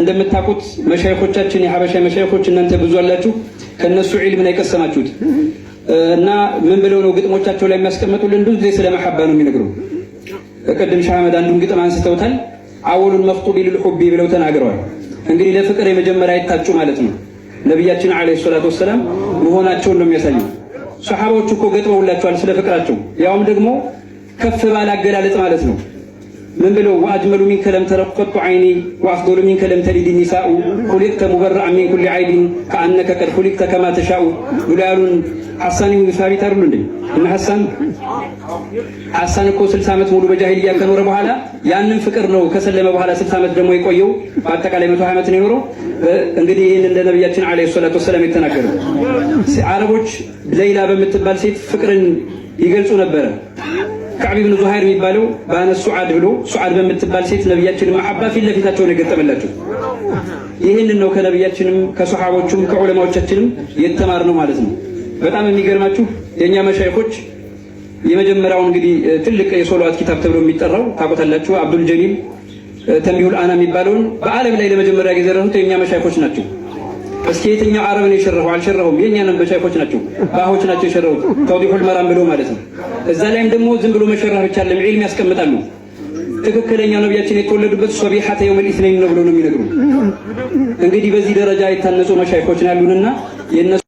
እንደምታውቁት መሻይኮቻችን የሀበሻ መሻይኮች እናንተ ብዙ አላችሁ፣ ከእነሱ ዒልም ነው እና ምን ብለው ነው ግጥሞቻቸው ላይ የሚያስቀምጡልን? ብዙ ጊዜ ስለ መሐባ ነው የሚነግሩ። ቅድም ሻህ አህመድ አንዱን ግጥም አንስተውታል። አወሉን መፍጡቢ ልልሑቢ ብለው ተናግረዋል። እንግዲህ ለፍቅር የመጀመሪያ አይታጩ ማለት ነው። ነቢያችን ዓለይሂ ሰላቱ ወሰላም መሆናቸውን ነው የሚያሳዩ። ሰሓባዎች እኮ ገጥመውላቸዋል ስለ ፍቅራቸው፣ ያውም ደግሞ ከፍ ባለ አገላለጽ ማለት ነው። ምን ብሎ ወአጅመሉ ሚንከ ለም ተረቁጡ ዓይኒ ወአፍዶሉ ሚንከ ለም ተሊድ ኒሳኡ ሁሊቅተ ሙበረአ ሚን ኩል ዓይብን ከአነከ ቀድ ሁሊቅተ ከማ ተሻኡ ብሎ ያሉን ሐሳን ኢብኑ ሳቢት አይደሉ እንዴ? እና ሐሳን ሐሳን እኮ 60 ዓመት ሙሉ በጃሂልያ ከኖረ በኋላ ያንን ፍቅር ነው ከሰለመ በኋላ 60 ዓመት ደግሞ የቆየው በአጠቃላይ 120 ዓመት ነው የኖረው። እንግዲህ ይህን እንደ ነቢያችን አለይሂ ሰላቱ ወሰለም የተናገረው አረቦች ሌይላ በምትባል ሴት ፍቅርን ይገልጹ ነበረ። ከዓብ ብን ዙሃይር የሚባለው በአነ ሱዓድ ብሎ ሱዓድ በምትባል ሴት ነቢያችን ማሐባ ፊት ለፊታቸውን የገጠመላቸው ይህንን ነው ከነቢያችንም ከሰሓቦቹም ከዑለማዎቻችንም የተማርነው ማለት ነው። በጣም የሚገርማችሁ የእኛ መሻይኮች የመጀመሪያው እንግዲህ ትልቅ የሶሎዋት ኪታብ ተብሎ የሚጠራው ታቆታላችሁ አብዱል ጀሊል ተንቢሁል አና የሚባለውን በዓለም ላይ ለመጀመሪያ ጊዜ ረሱት የእኛ መሻይኮች ናቸው። እስኪ የትኛው አረብ ነው የሸረፈው? አልሸረፈውም። የኛ ነን በሻይኮች ናቸው ባሆች ናቸው የሸረፉት ተውዲሁል መራም ብሎ ማለት ነው። እዛ ላይም ደግሞ ዝም ብሎ መሸረፍ ብቻ ለም ዒልም ያስቀምጣሉ። ትክክለኛው ነቢያችን የተወለዱበት ሶቢሐተ የውም ኢስነይን ነው ብሎ ነው የሚነግሩ። እንግዲህ በዚህ ደረጃ የታነጹ መሻይኮች ነው ያሉንና የነ